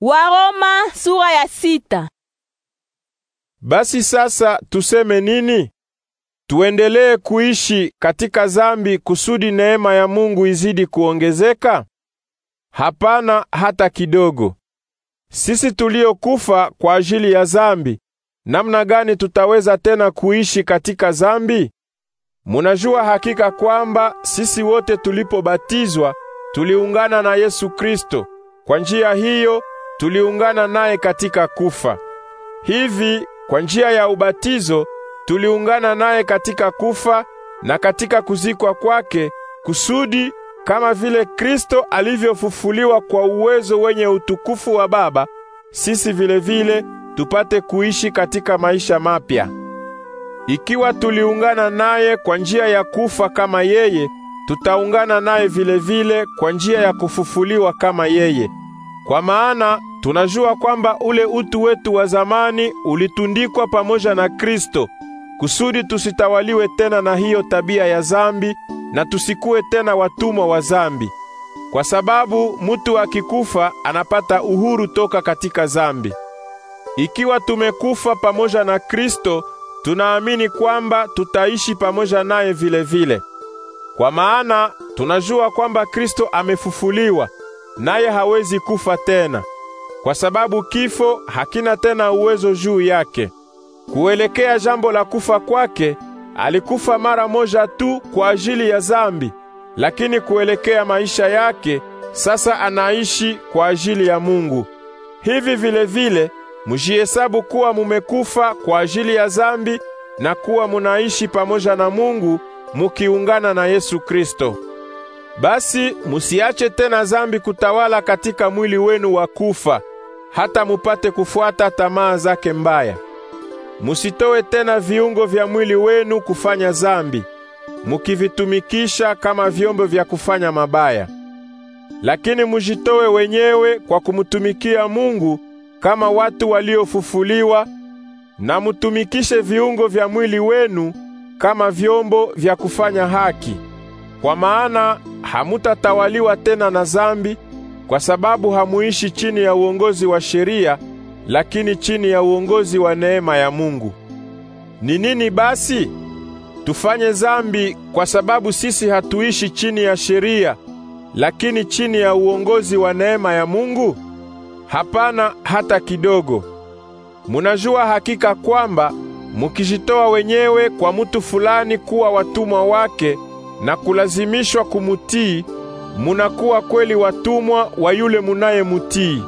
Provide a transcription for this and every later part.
Waroma sura ya sita. Basi sasa tuseme nini? Tuendelee kuishi katika zambi kusudi neema ya Mungu izidi kuongezeka? Hapana hata kidogo. Sisi tuliokufa kwa ajili ya zambi, namna gani tutaweza tena kuishi katika zambi? Munajua hakika kwamba sisi wote tulipobatizwa tuliungana na Yesu Kristo. Kwa njia hiyo tuliungana naye katika kufa. Hivi kwa njia ya ubatizo tuliungana naye katika kufa na katika kuzikwa kwake, kusudi kama vile Kristo alivyofufuliwa kwa uwezo wenye utukufu wa Baba, sisi vilevile vile, tupate kuishi katika maisha mapya. Ikiwa tuliungana naye kwa njia ya kufa kama yeye, tutaungana naye vilevile kwa njia ya kufufuliwa kama yeye. Kwa maana tunajua kwamba ule utu wetu wa zamani ulitundikwa pamoja na Kristo kusudi tusitawaliwe tena na hiyo tabia ya zambi na tusikuwe tena watumwa wa zambi, kwa sababu mtu akikufa anapata uhuru toka katika zambi. Ikiwa tumekufa pamoja na Kristo, tunaamini kwamba tutaishi pamoja naye vile vile. Kwa maana tunajua kwamba Kristo amefufuliwa naye hawezi kufa tena, kwa sababu kifo hakina tena uwezo juu yake. Kuelekea jambo la kufa kwake, alikufa mara moja tu kwa ajili ya zambi, lakini kuelekea maisha yake sasa anaishi kwa ajili ya Mungu. Hivi vile vile mujihesabu kuwa mumekufa kwa ajili ya zambi na kuwa munaishi pamoja na Mungu mukiungana na Yesu Kristo. Basi musiache tena zambi kutawala katika mwili wenu wa kufa, hata mupate kufuata tamaa zake mbaya. Musitowe tena viungo vya mwili wenu kufanya zambi, mukivitumikisha kama vyombo vya kufanya mabaya. Lakini mujitowe wenyewe kwa kumutumikia Mungu kama watu waliofufuliwa, na mutumikishe viungo vya mwili wenu kama vyombo vya kufanya haki kwa maana hamutatawaliwa tena na zambi, kwa sababu hamuishi chini ya uongozi wa sheria, lakini chini ya uongozi wa neema ya Mungu. Ni nini basi? Tufanye zambi kwa sababu sisi hatuishi chini ya sheria, lakini chini ya uongozi wa neema ya Mungu? Hapana hata kidogo. Munajua hakika kwamba mukijitoa wenyewe kwa mutu fulani kuwa watumwa wake na kulazimishwa kumutii, munakuwa kweli watumwa wa yule munayemutii.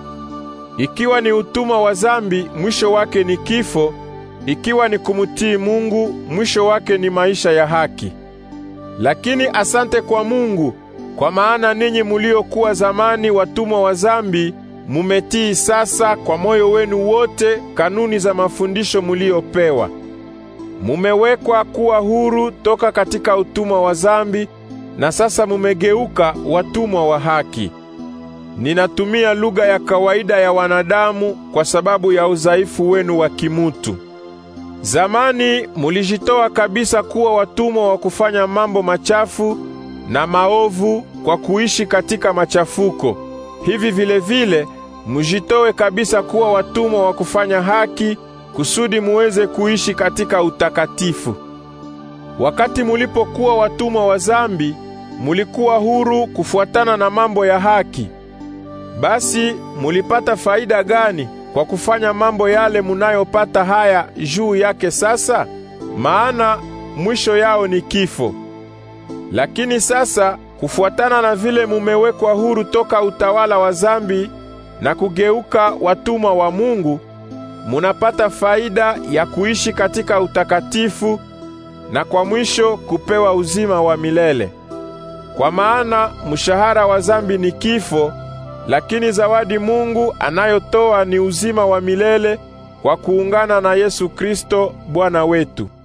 Ikiwa ni utumwa wa zambi, mwisho wake ni kifo; ikiwa ni kumutii Mungu, mwisho wake ni maisha ya haki. Lakini asante kwa Mungu, kwa maana ninyi muliokuwa zamani watumwa wa zambi, mumetii sasa kwa moyo wenu wote kanuni za mafundisho muliopewa mumewekwa kuwa huru toka katika utumwa wa zambi na sasa mumegeuka watumwa wa haki. Ninatumia lugha ya kawaida ya wanadamu kwa sababu ya udhaifu wenu wa kimutu. Zamani mulijitoa kabisa kuwa watumwa wa kufanya mambo machafu na maovu kwa kuishi katika machafuko. Hivi vile vile mujitoe kabisa kuwa watumwa wa kufanya haki kusudi muweze kuishi katika utakatifu. Wakati mulipokuwa watumwa wa zambi, mulikuwa huru kufuatana na mambo ya haki. Basi mulipata faida gani kwa kufanya mambo yale munayopata haya juu yake sasa? Maana mwisho yao ni kifo. Lakini sasa kufuatana na vile mumewekwa huru toka utawala wa zambi na kugeuka watumwa wa Mungu, munapata faida ya kuishi katika utakatifu na kwa mwisho kupewa uzima wa milele. Kwa maana mshahara wa zambi ni kifo, lakini zawadi Mungu anayotoa ni uzima wa milele kwa kuungana na Yesu Kristo Bwana wetu.